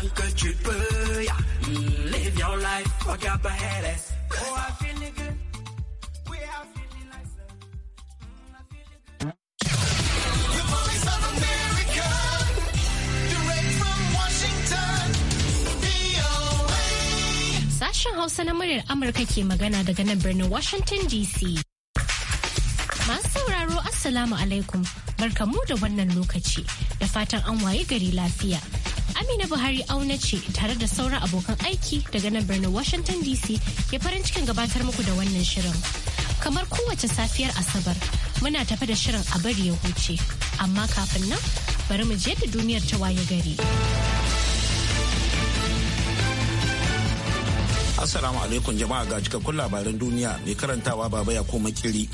Sashen Hausa na muryar Amurka ke magana daga nan birnin Washington DC. Masu sauraro Assalamu alaikum, barkamu da wannan lokaci, da fatan an waye gari lafiya. Amina Buhari auna ce tare da sauran abokan aiki daga nan birnin Washington DC ya farin cikin gabatar muku da wannan shirin. Kamar kowace safiyar Asabar muna tafe da shirin a bari ya huce, amma kafin nan bari mu je da duniyar ta waye gari. Assalamu alaikum jama'a ga cikakkun labaran duniya mai karantawa baba ya koma kiri.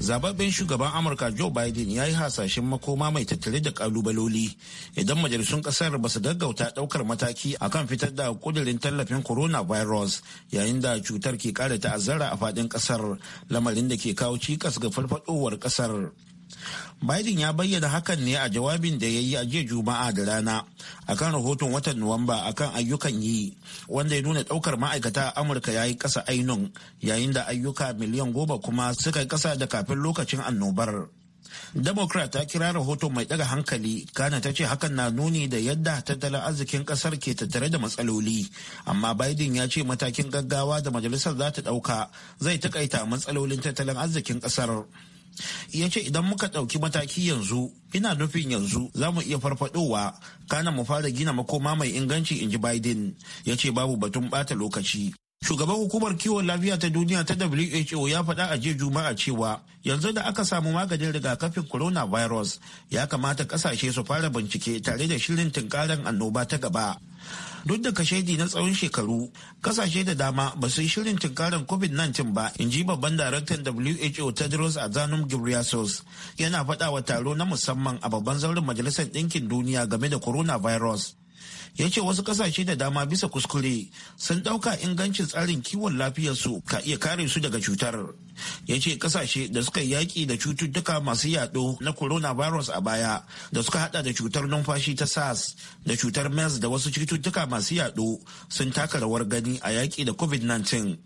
zababben shugaban amurka joe biden ya yi hasashen makoma mai tattare da kalubaloli idan majalisun kasar ba su gaggauta daukar mataki a kan fitar da kudirin tallafin coronavirus yayin da cutar ke kara ta'azzara a fadin kasar lamarin da ke kawo cikas ga farfadowar kasar Biden ya bayyana hakan ne a jawabin da ya yi a jiya Juma'a da rana akan rahoton watan Nuwamba akan ayyukan yi wanda ya nuna daukar ma'aikata a Amurka ya yi kasa ainun yayin da ayyuka miliyan goma kuma suka yi kasa da kafin lokacin annobar. Democrat ta kira rahoton mai daga hankali kana ta ce hakan na nuni da yadda tattalin arzikin kasar ke tattare da matsaloli amma Biden ya ce matakin gaggawa da majalisar za ta dauka zai takaita matsalolin tattalin arzikin kasar. ya ce idan muka ɗauki mataki yanzu ina nufin yanzu za mu iya farfadowa kana mu fara gina makoma mai inganci in ji biden ya ce babu batun bata lokaci Shugaban hukumar kiwon lafiya ta duniya ta WHO ya faɗa a jiya Juma'a cewa yanzu da aka samu maganin rigakafin coronavirus ya kamata ƙasashe su fara bincike tare da shirin tunkarar annoba ta gaba. Duk da kashedi na tsawon shekaru, ƙasashe da dama ba su yi shirin tunkarar COVID-19 ba, in ji babban daraktan WHO Tedros Adhanom Ghebreyesus yana faɗa wa taro na musamman a babban zauren Majalisar Ɗinkin Duniya game da coronavirus. ya ce wasu kasashe da dama bisa kuskure sun ɗauka ingancin tsarin kiwon lafiyarsu ka iya kare su daga cutar ya ce kasashe da suka yaƙi da cututtuka masu yaɗo na coronavirus a baya da suka hada da cutar numfashi ta sars da cutar mers da wasu cututtuka masu yaɗo sun taka rawar gani a yaƙi da covid-19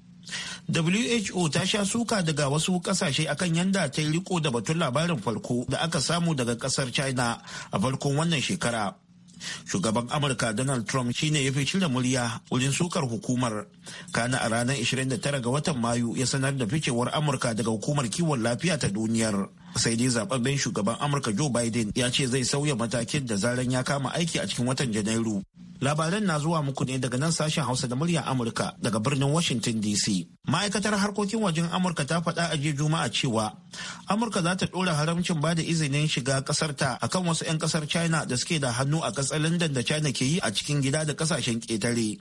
WHO ta sha suka daga wasu kasashe akan yanda ta yi riko da batun labarin farko da aka samu daga kasar China a farkon wannan shekara. shugaban amurka donald trump shine ya fi cire murya wurin sukar hukumar kana a ranar 29 ga watan mayu ya sanar da ficewar amurka daga hukumar kiwon lafiya ta duniyar sai dai zababben shugaban amurka joe biden ya ce zai sauya matakin da zaren ya kama aiki a cikin watan janairu Labaran na zuwa muku ne daga nan sashen Hausa da murya Amurka daga birnin Washington DC. Ma'aikatar harkokin wajen Amurka ta faɗa a jiya Juma'a cewa Amurka za ta ɗora haramcin ba da izinin shiga ƙasarta ta akan wasu 'yan ƙasar China da suke da hannu a ƙasar London da China ke yi a cikin gida da ƙasashen ƙetare.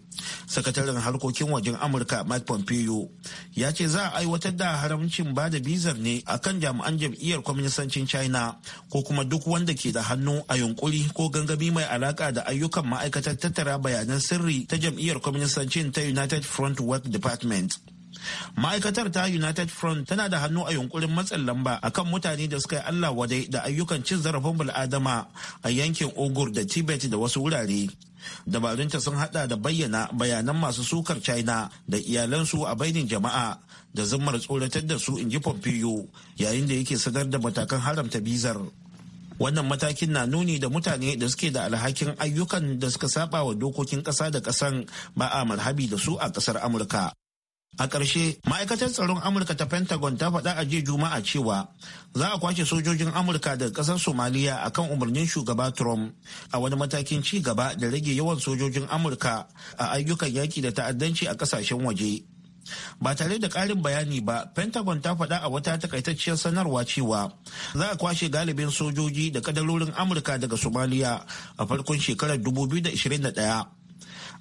Sakataren harkokin wajen Amurka Mike Pompeo ya ce za a aiwatar da haramcin ba da bizar ne akan jami'an jam'iyyar kwaminisancin China ko kuma duk wanda ke da hannu a yunkuri ko gangami mai alaƙa da ayyukan ma'aikatar tattara bayanan sirri ta jam'iyyar kwaminisancin ta united front work department ma'aikatar ta united front tana da hannu a yunkurin matsin lamba a kan mutane da suka yi allah wadai da ayyukan cin zarafin bil'adama a yankin ogur da tibet da wasu wurare dabarunta sun hada da bayyana bayanan masu sukar china da iyalansu a bainin jama'a da zimmar tsoratar da su inji pompeo yayin da yake sanar da matakan haramta bizar wannan matakin na nuni da mutane da suke da alhakin ayyukan da suka saba wa dokokin ƙasa da ƙasan ba a marhabi da su a ƙasar amurka a ƙarshe ma'aikatar tsaron amurka ta pentagon ta faɗa a jiya juma'a cewa za a kwace sojojin amurka daga ƙasar somaliya a kan umarnin shugaba trump a wani matakin ci gaba da rage yawan sojojin amurka a ayyukan yaƙi da ta'addanci a ƙasashen waje ba tare da ƙarin bayani ba pentagon ta faɗa a wata takaitacciyar sanarwa cewa za a kwashe galibin sojoji da kadarorin amurka daga somaliya a farkon shekarar 2021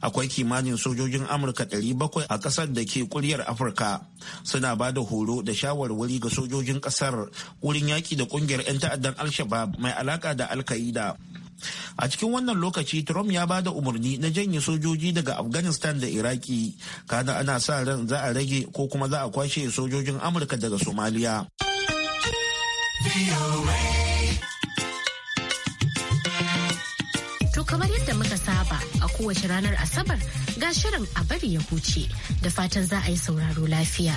akwai kimanin sojojin amurka 700 a ƙasar da ke kuryar afirka suna ba da horo da shawarwari ga sojojin ƙasar wurin yaƙi da ƙungiyar 'yan ta'addan al mai alaƙa da al-qaida a cikin wannan lokaci trump ya ba da umarni na janye sojoji daga afghanistan da iraki kada ana sa ran za a rage ko kuma za a kwashe sojojin amurka daga somaliya To kamar yadda muka saba a kowace ranar Asabar ga shirin a bari ya huce da fatan za a yi sauraro lafiya.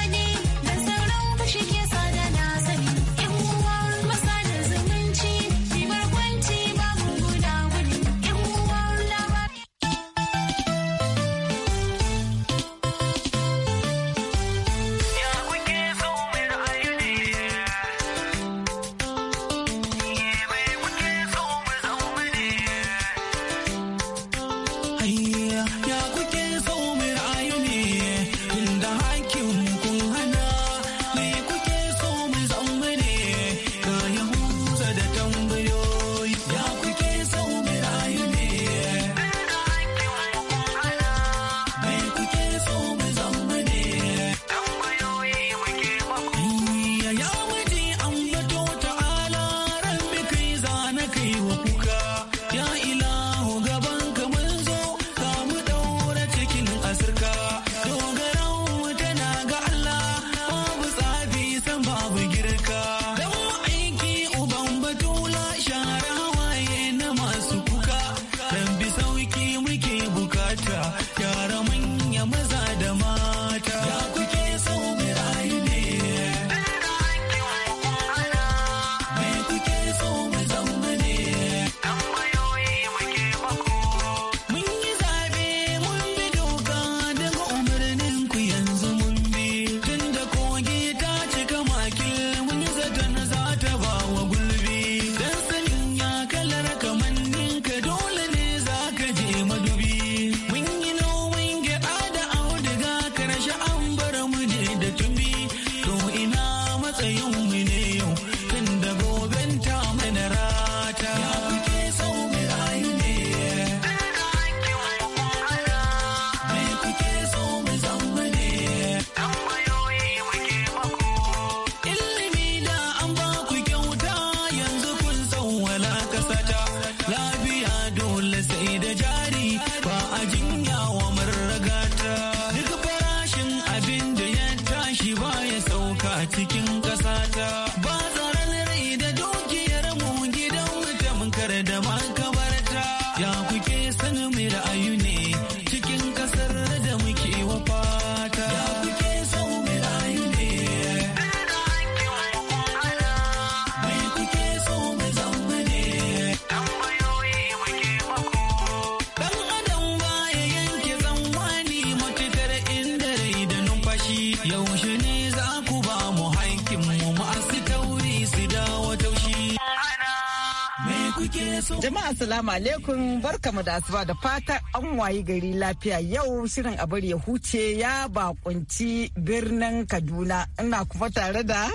Assalamu alaikum barkamu da asuba da fata an wayi gari lafiya yau shirin a bari ya huce ya bakunci birnin Kaduna ina kuma tare da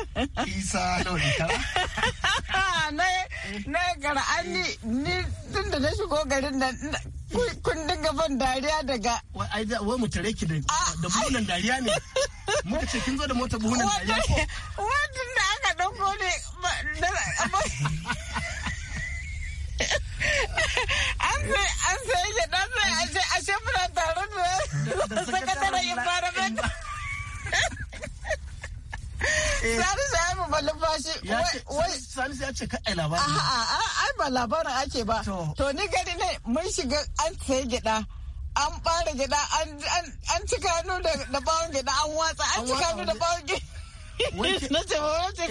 Isa na gara an ni tun da na shigo garin nan kun dinga ban dariya daga wai mu tare ki ah. da buhunan dariya ne muka ce kin zo da mota buhunan dariya ko tun da aka dauko ne an sai shi dan sai a ce muna tare da sakataren environment eh. Sani sai mu malumfashi. Sani ya ce kaɗai labarin. A'a, ai ba labarin ake ba. To ni gari ne mun shiga an sai gida. An ɓare gida, an cika hannu da bawon gida, an watsa, an cika hannu da bawon gida. na ce ba wace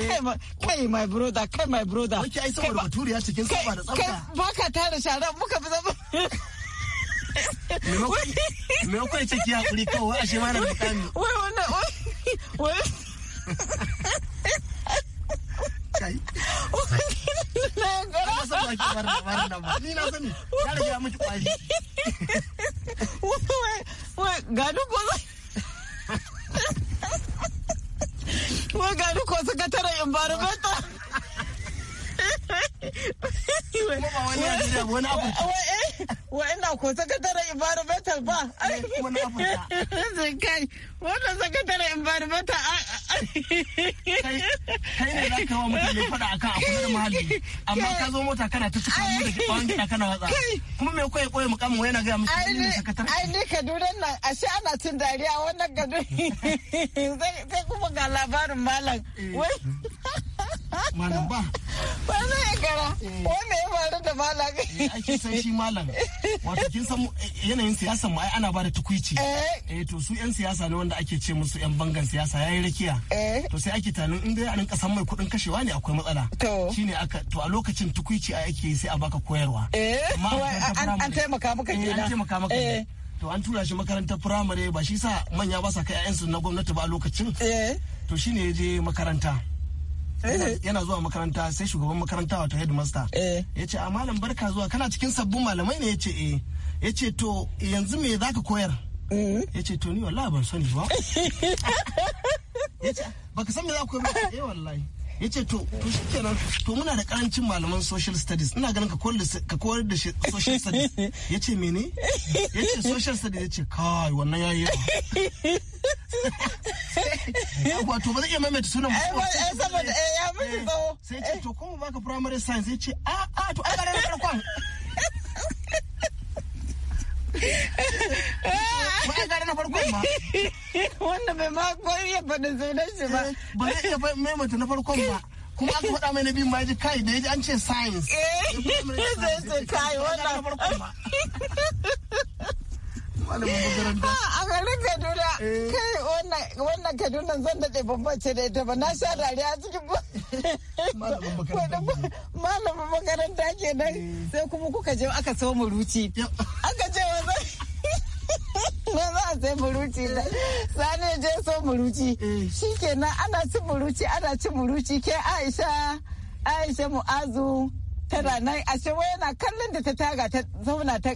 kai my brother kai my brother wace ai saboda bature ya cikin saba da tsafta kai baka tare shara muka fi zama kawai ashe ma na wai wannan wai kai ko zai Wai ga ni ko sakataren environmental. Wani abu. wa ina ko sakataren environmental ba eh, kai wannan sakataren environmental kai ne za ka wa mutane fada akan a kusa da muhalli amma ka zo mota kana ta cika mu da bawon gida kana watsa kuma me koyi koyi mu kama na ga musu ne sakataren ai ne duran nan ashe ana cin dariya wannan kaduri sai kuma ga labarin malam eh. wai malam ba ba zai gara wanda ya faru da malam ake san shi malam wato kin san eh, yanayin siyasan mu ai ana ba da tukuici eh. eh to su yan siyasa ne wanda ake ce musu yan bangan siyasa yayi rakiya eh. to sai ake tanin in dai a rinka san mai kuɗin kashewa ne akwai matsala to shine aka to a lokacin tukuici a ake sai a baka koyarwa eh an taimaka maka kenan an taimaka maka to an tura shi makarantar firamare ba shi sa manya ba sa kai 'ya'yansu na gwamnati ba a lokacin to shine ya je makaranta Eh. yana zuwa makaranta sai shugaban makaranta wato headmaster eh. ya ce a ah, malam barka zuwa kana cikin sabbin malamai ne ya ce eh ya ce to yanzu me za ka koyar mm-hmm. ya ce to ni wallahi ban sani ba ya ce baka san me za ka koyar ba eh wallahi ya ce to to shi kenan to muna da karancin malaman social studies ina ganin ka koyar da social studies ya ce mene ya ce social studies ya ce kawai wannan ya yi to ba zai iya maimaita sunan mu eh, eh, saboda eh, ya mutu tsawo sai ce to kuma baka primary science ya ce a ah, a ah, to ai ba na farkon ba eh, na farkon ba kuma aka faɗa mai na ma ji kai da ya an ce science eh, a garin kaduna eh. kai wannan kaduna zan daɗe babbace da ita ba na sha dariya cikin malamin makaranta ke nan eh. sai kuma kuka je aka so muruci aka ce wa na za a sai muruci da sani je so ke nan ana ci muruci ana ci muruci ke aisha aisha mu'azu tana nan a wai yana kallon da ta taga ta zauna ta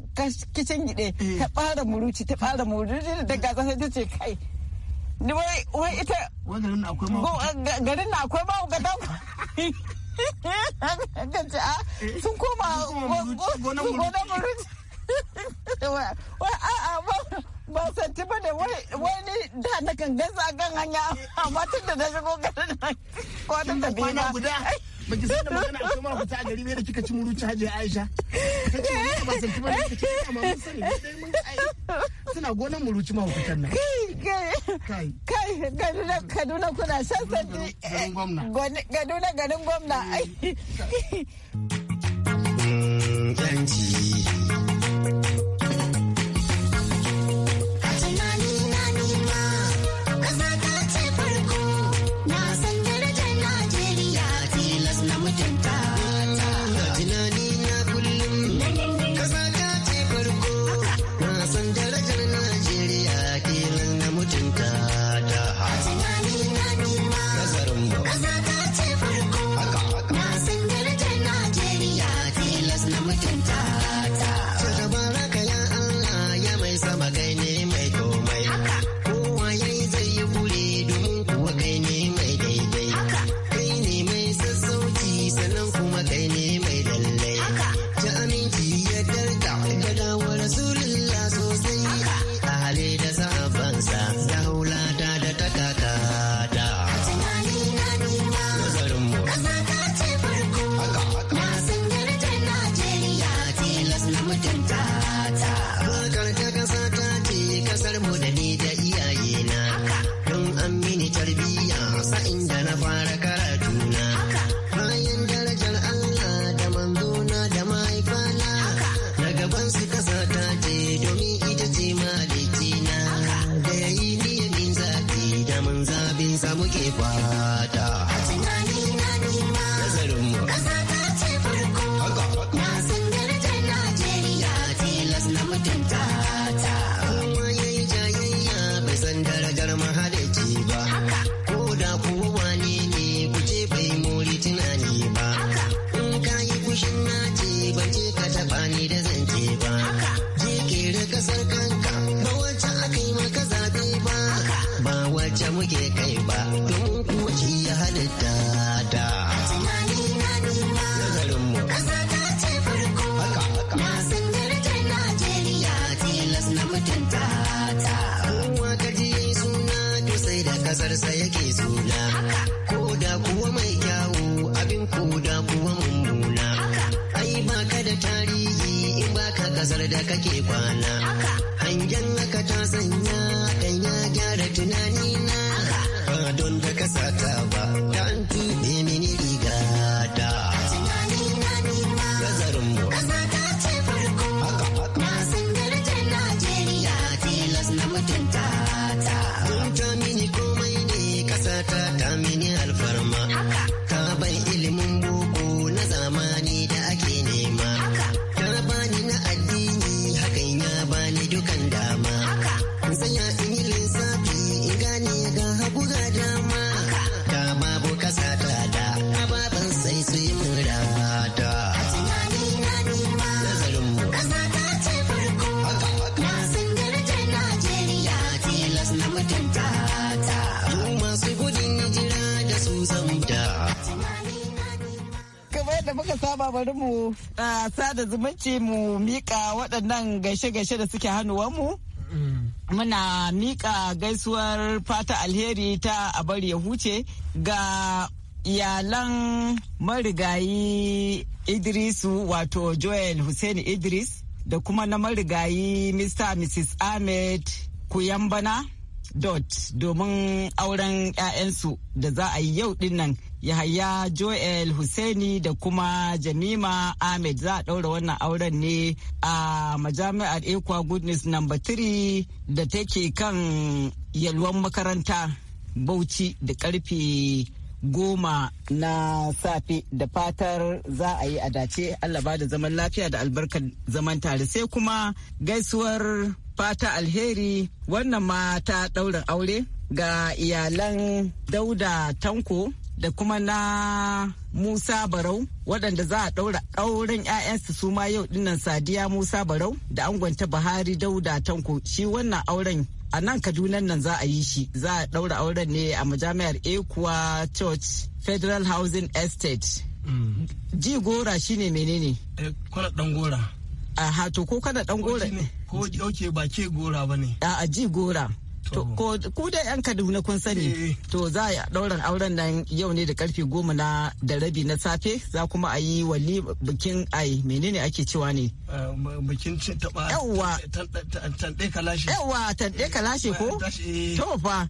kicin gide ta fara eh. muruci ta fara muruci daga zasa ta ce kai wai ita garin na akwai ba ga dan a ah, eh, sun koma gonan burut wai a'a ba ba santi ba da wai ni da na kan kan hanya amma tun da na shigo garin kwanan da biyu ba baki san da magana akwai ma fita gari ne da kika ci muruci hajiya aisha ta ce ba santi ba da kika ci amma mun sani suna gonan muruci mahaukatan nan kai kai gaduna kaduna kuna sassan gaduna garin gwamna eh. Ai. kasar da kake kwana hangen haka ta sanya dan ya gyara tunanina don da da muka saba bari mu sada zumunci mu mika waɗannan gaishe-gaishe da suke hannuwanmu. Mm. Muna mika gaisuwar fata alheri ta abar ya huce ga iyalan marigayi Idrisu wato Joel Hussein Idris da kuma na marigayi Mr. Mrs. Ahmed Kuyambana dot domin auren 'ya'yansu da za a yi yau dinnan. Yahaya Joel Hussaini da kuma Jamima Ahmed za a ɗaura wannan auren ne a majami'ar Ekwa Goodness No. 3 da take kan yalwan makaranta Bauchi da karfe goma na safe da fatar za a yi a dace Allah ba da zaman lafiya da albarkar zaman tare sai kuma gaisuwar fata alheri wannan ma ta ɗaurin aure ga iyalan dauda tanko da kuma na Musa Barau waɗanda za a ɗaura ɗaurin 'ya'yansu su ma yau dinnan Sadiya Musa Barau da angonta Buhari Dauda Tanko shi wannan auren a nan Kaduna nan za a yi shi za a ɗaura auren ne a majami'ar Ekuwa Church Federal Housing Estate. Mm. Ji gora eh, shi ne menene? Kwana ɗan gora. A hato ko kana ɗan gora ne? Ko ba ke gora ba ne? A ji gora. To ku da yan Kaduna kun sani eh. to za a ɗauran auren nan yau ne da karfe goma na da rabi na safe za kuma a yi wani bikin ai menene ake cewa ne? Eh, bikin taɓa Yawa. tanɗe kalashe. Yawa tanɗe eh, kalashe ko? To fa.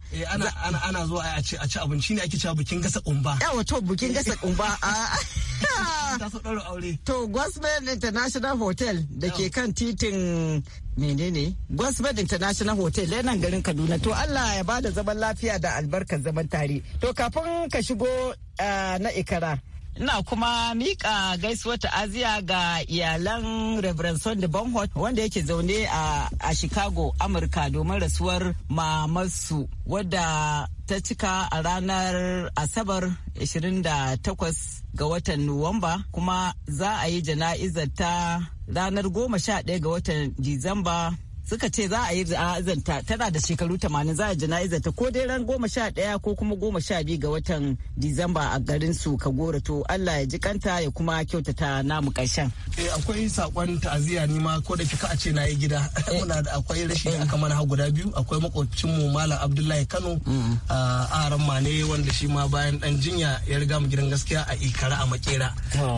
Ana zuwa a ci abinci ne ake cewa bikin gasa kumba. Yawa to bikin gasa kumba. Ah. To International Hotel da ke kan titin menene Gosbel International Hotel yana garin Kaduna to Allah ya bada zaman lafiya da albarkar zaman tare. To kafin ka shigo ah, na ikara. Ina kuma mika gaisuwar ta'aziya ga iyalan Reverend Sunday Bonhot wanda yake zaune a Chicago, Amurka domin rasuwar mamarsu wadda ta cika a ranar Asabar 28 ga watan Nuwamba kuma za a yi jana'izar ta ranar 11 ga watan Disamba suka ce za a yi jana'izanta tana da shekaru 80 za a jana'izanta ko dai ran goma sha ɗaya ko kuma goma sha biyu ga watan disamba a garin su kagoro to allah ya ji kanta ya kuma kyautata namu karshen. Eh, akwai sakon ta'aziyya ni ma ko da kika a ce na yi gida eh. muna da akwai rashin yan eh. mana ha guda biyu akwai makwabcin mu malam abdullahi kano mm. a ah, aran mane wanda shi ma bayan dan jinya ya riga mu gidan gaskiya a ikara a makera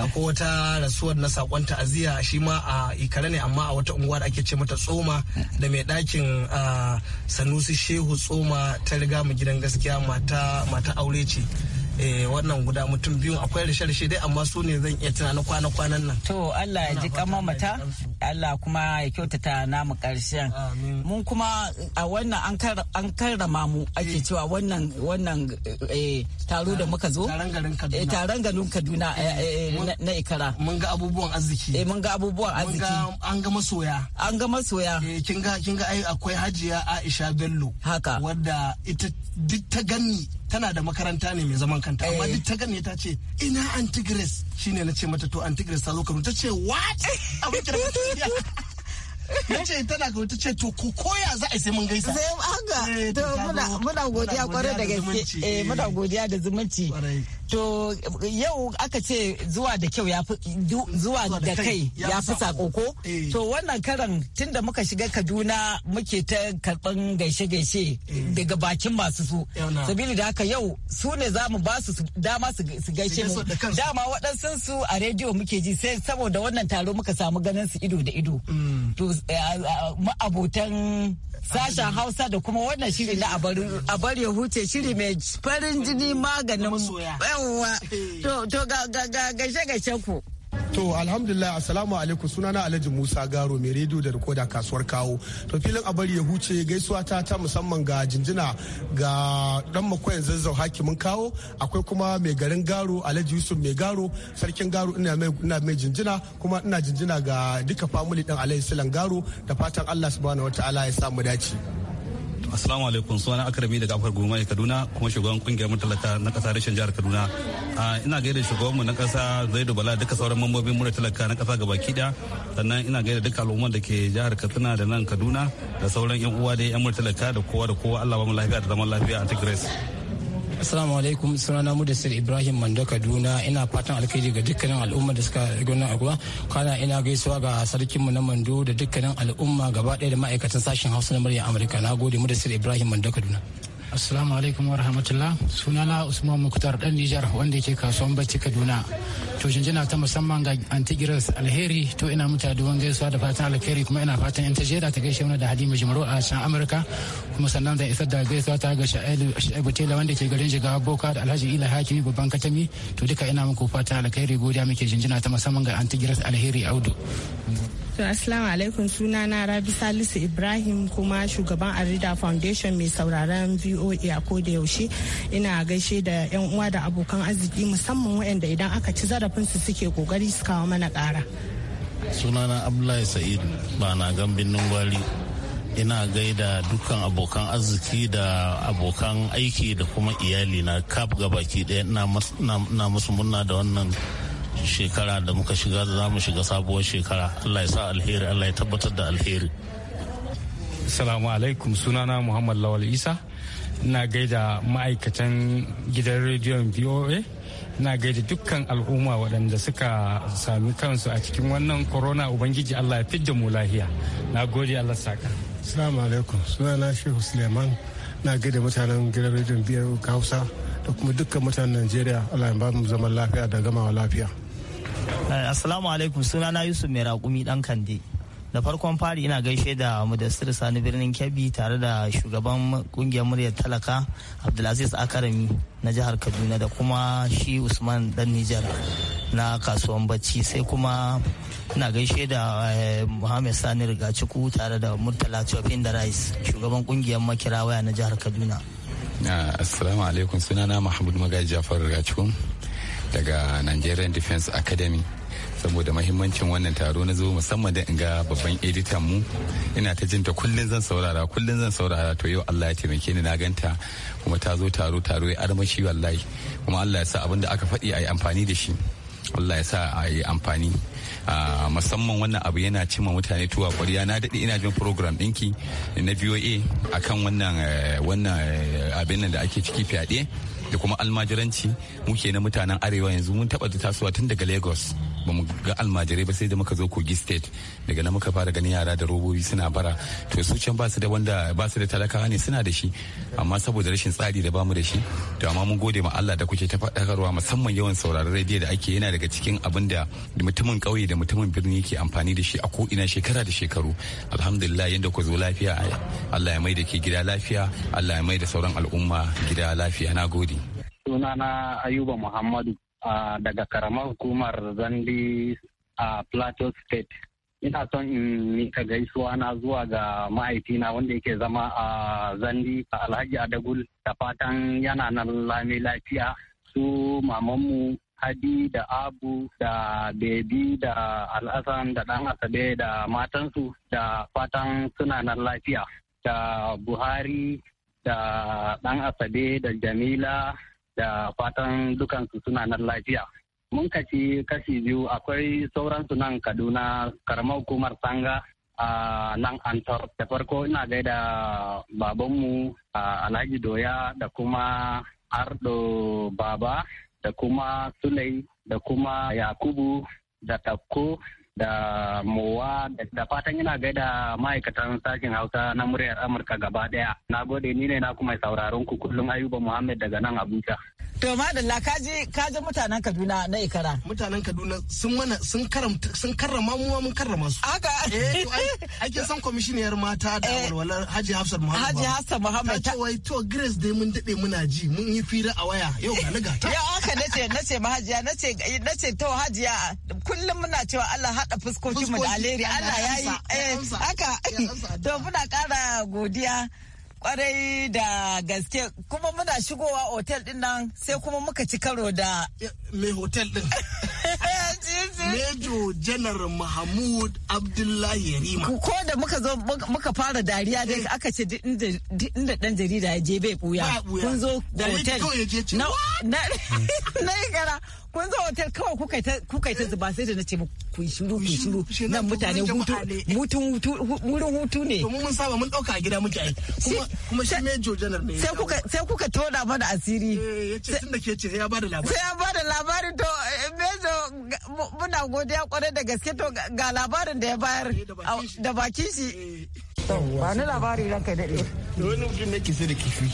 akwai wata rasuwar na sakon ta'aziyya shi ma a ikara ne amma a wata unguwar ake ce mata tsoma mm. da mai ɗakin sanusi shehu tsoma ta riga mu gidan gaskiya mata aure ce Eh, wannan guda mutum biyun akwai rashe-rashe dai amma su ne zan iya tunanin kwana-kwanan nan. To Allah ya ji kamamata, Allah kuma ya kyautata namu karshen. Mun kuma a wannan an karrama mu ake eh. cewa wannan wannan eh, taro da muka zo. Taron garin Kaduna. na ikara. Mun ga abubuwan arziki. Eh mun ga abubuwan arziki. An ga masoya. An ga masoya. Eh kin ga kin ga akwai Hajiya Aisha Bello. Haka. Wadda ita duk ta gani tana da makaranta ne mai zaman kanta amma eh. duk ta gane ta ce ina antigres shine na ce mata to antigres ta zo kano ta ce what abin kira ya ce tana ga ta ce to ko koya za a sai mun gaisa sai haka eh, to muna godiya kwarai da gaske eh, muna godiya da zumunci To yau aka ce zuwa da kyau zuwa da kai ya fi sako ko? Eh. To wannan karan tunda muka shiga Kaduna muke ta karɓan gaishe-gaishe eh. daga bakin masu su. Sabili da haka yau su ne za mu ba su dama su gaishe mu. Dama waɗansu su a rediyo muke ji sai saboda wannan taro muka samu ganin su ido da ido. Mm. To eh, abotan sashen Hausa da kuma wannan shiri na abar ya huce shiri mai farin jini maganin yawwa eh. to to ga ga ku To alhamdulillah assalamu alaikum sunana Alhaji Musa Garo mai rediyo da rikoda kasuwar kawo. To filin a bari ya huce gaisuwa ta ta musamman ga jinjina ga dan makoyan zazzau hakimin kawo akwai kuma mai garin Garo Alhaji Yusuf mai Garo sarkin Garo ina mai ina mai jinjina kuma ina jinjina ga duka family din Alhaji Silan Garo da fatan Allah subhanahu wataala ya sa mu dace. Assalamu alaikum sunana Akarami daga Afar Goma Kaduna kuma shugaban kungiyar mutalaka na kasa reshen jihar Kaduna. Ina gaida shugaban mu na kasa Zaidu Bala duka sauran mambobin murar talaka na kasa gabaki daya sannan ina gaida duka al'ummar da ke jihar Katsina da nan Kaduna da sauran yan uwa da yan murar talaka da kowa da kowa Allah ba mu lafiya da zaman lafiya a Tigray. Assalamu alaikum sunana Mudassir Ibrahim Mando Kaduna ina fatan alkhairi ga dukkanin al'umma da suka gona a gwa kana ina gaisuwa ga sarkinmu na Mando da dukkanin al'umma gaba ɗaya da ma'aikatan sashen Hausa na murya Amurka na gode Mudassir Ibrahim Mando Kaduna. Assalamu alaikum wa rahmatullah. Sunana Usman Muktar dan Nijar wanda ke kasuwan Bacci Kaduna. To jinjina ta musamman ga Antigiras Alheri to ina muta duwan gaisuwa da fatan alheri kuma ina fatan in ta ta gaishe mana da Halima Jumaro a can Amurka kuma sannan da isar da gaisuwa ta ga Sha'ibu Tela wanda ke garin Jigawa Boka da Alhaji Ila Hakimi babban katami to duka ina muku fatan alheri godiya muke jinjina ta musamman ga Antigiras Alheri Audu. To Assalamu alaikum suna na Rabi Salisu Ibrahim kuma shugaban Arida Foundation mai sauraron VOA a koda yaushe ina gaishe da yan uwa da abokan arziki musamman waɗanda idan aka ci zarafin su suke kokari su kawo mana ƙara. na Abdullahi Sa'id ba na birnin gwari ina gaida dukkan abokan arziki da abokan aiki da kuma iyali na kaf gabaki daya na musu murna da wannan shekara da muka shiga da za shiga sabuwar shekara allah ya sa alheri allah ya tabbatar da alheri salamu alaikum sunana muhammad lawal isa ina gaida ma'aikatan gidan rediyon voa ina gaida dukkan al'umma waɗanda suka sami kansu a cikin wannan corona ubangiji allah ya fidda mu lahiya na gode allah saka salamu alaikum sunana shehu suleiman na gaida mutanen gidan rediyon voa hausa da kuma dukkan mutanen najeriya allah ya ba mu zaman lafiya da gamawa lafiya Eh, assalamu alaikum sunana Yusuf mai raƙumi ɗan Kande. Da farkon fari ina gaishe da Mudassir Sani birnin Kebbi tare da shugaban kungiyar muryar talaka Abdulaziz Akarami na jihar Kaduna da kuma shi Usman dan Nijar na kasuwan bacci sai kuma ina gaishe da eh, Muhammad Sani Rigaciku tare da Murtala Chopin da Rice shugaban kungiyar makira waya na jihar Kaduna. Ah, assalamu alaikum sunana Mahmud Magaji Jafar Rigacikun. daga nigerian defense academy saboda mahimmancin wannan taro na zo musamman da in ga babban editan mu ina ta jinta kullun zan saurara kullun zan saurara to yau Allah ya taimake ni na ganta kuma ta zo taro taro ya armashi wallahi kuma Allah ya sa abin da aka faɗi a yi amfani da shi Allah ya sa a yi amfani musamman wannan abu yana cima mutane tuwa kwarya na daɗe ina jin program ɗinki na voa akan wannan eh, wannan eh, abin da ake ciki fyaɗe da kuma almajiranci muke na mutanen arewa yanzu mun taɓa tasowa tun daga lagos ba mu ga almajirai ba sai da muka zo kogi state daga nan muka fara ganin yara da robobi suna bara to su can ba su da wanda ba su da talakawa ne suna da shi amma saboda rashin tsari da bamu da shi to amma mun gode ma Allah da kuke ta faɗakarwa musamman yawan sauraron rediyo da ake yana daga cikin abin da mutumin ƙauye da mutumin birni yake amfani da shi a ko ina shekara da shekaru alhamdulillah yadda ku zo lafiya Allah ya mai da ke gida lafiya Allah ya mai da sauran al'umma gida lafiya na gode sunana ayuba muhammadu Ah, daga karamar hukumar zandi a plateau state ina son in mika gaisuwa na zuwa ga mahaifina wanda yake zama a zandi a alhaji adagul da fatan yana nan lami lafiya su mamanmu hadi da abu da bebi da al'asan da dan asabe da matansu da fatan suna nan lafiya da buhari da dan asabe da jamila da fatan dukansu suna nan lafiya. Mun kaci kashi biyu akwai sauransu nan Kaduna karamar hukumar Sanga a nan Antar. Da farko ina gaida babanmu Alhaji Doya da kuma Ardo Baba da kuma Sulai da kuma Yakubu da Takko da mowa da fatan yana gaida ma'aikatan sashen hausa na muryar amurka gaba daya na gode ni ne na kuma sauraron ku kullum ayuba muhammad daga nan abuja to madalla kaji kaji mutanen kaduna na ikara mutanen kaduna sun mana sun karamta sun karrama mu mun karrama su haka eh ake san commissioner mata da eh. walwalar haji hafsat muhammad haji hafsat muhammad ta ce wai to grace dai mun dade muna ji mun yi fira a waya yau ga ni ga ta ya haka nace nace mahajiya nace nace to hajiya kullum muna cewa Allah haɗa fuskokin mu da alheri Allah ya yi eh, haka to muna ƙara godiya kwarai da gaske kuma muna shigowa otel din nan sai kuma muka ci karo da eh, mai hotel din eh, Mejo Janar Mahmud Abdullahi Yarima. Ko da muka zo muka fara dariya dai eh. aka ce duk inda dan jarida ya je bai buya. Kun zo hotel. Na na gara. Kun zo hotel kawai kuka ta kuka ta zuba sai da nace ku shiru ku shiru nan mutane hutu mutun hutu wurin hutu ne. Mun mun saba mun dauka a gida muke ai. Kuma kuma shi Mejo Janar ne. Sai kuka sai kuka toda mana asiri. Eh yace tunda ke ce ya bada labari. Sai ya bada labari to eh, Mejo muna muna godiya kwarai da gaske to ga labarin da ya bayar eh, da bakin shi. Eh. Ba ni labari ranka daɗe. Da wani mutum ne ke sai da kifi.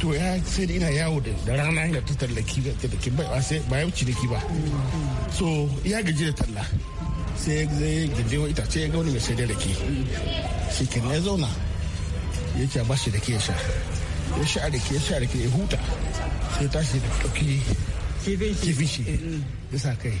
To ya sai da ina yawo da rana yana ta tallaki da daki ba sai ba ya wuce da ba. So ya gaji da talla. Sai ya gaji wa itace ya ga wani mai sai da daki. Shi kenan ya zauna. Ya ce ba shi da ke ya sha. Ya sha rake ya sha rake ya huta. Sai tashi da ɗauki kifin shi. Bisa kai.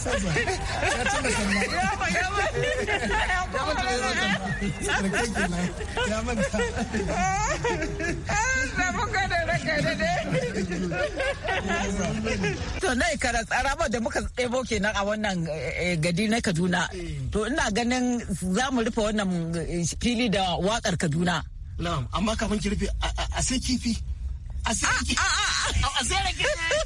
sasa to na ikara tsaraba da muka tsebo kenan a wannan gadi na kaduna to ina ganin za mu rufe wannan fili da wakar kaduna na'am amma kafin ki rufe a sai kifi a sai kifi a sai kifi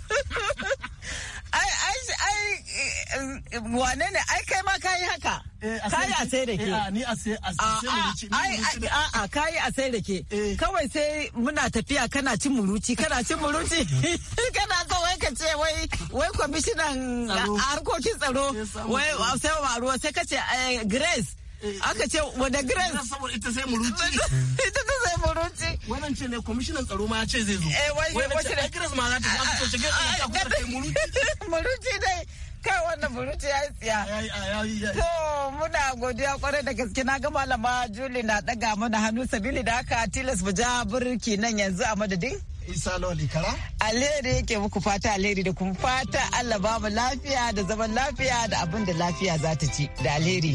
wane ne ai kai ma kayi haka kai a sai da ke ni a sai a sai a a kai a sai da ke kawai sai muna tafiya kana cin muruci kana cin muruci kana so wai ka ce wai wai commissioner harkokin tsaro wai sai wa sai kace grace aka ce wanda grace saboda ita sai muruci ita ta sai muruci wannan ce ne kwamishinan tsaro ma ya ce zai zo eh wai wai grace ma za ta zo aka ce grace ta kuma muruci muruci dai kai wannan buruci ya tsiya to muna godiya kwarai da gaske na ga malama juli na daga mana hannu sabili da haka tilas mu ja burki nan yanzu a madadin isa loli kara alheri yake muku fata alheri da kuma fata allah ba mu lafiya da zaman lafiya da abin da lafiya za ta ci da alheri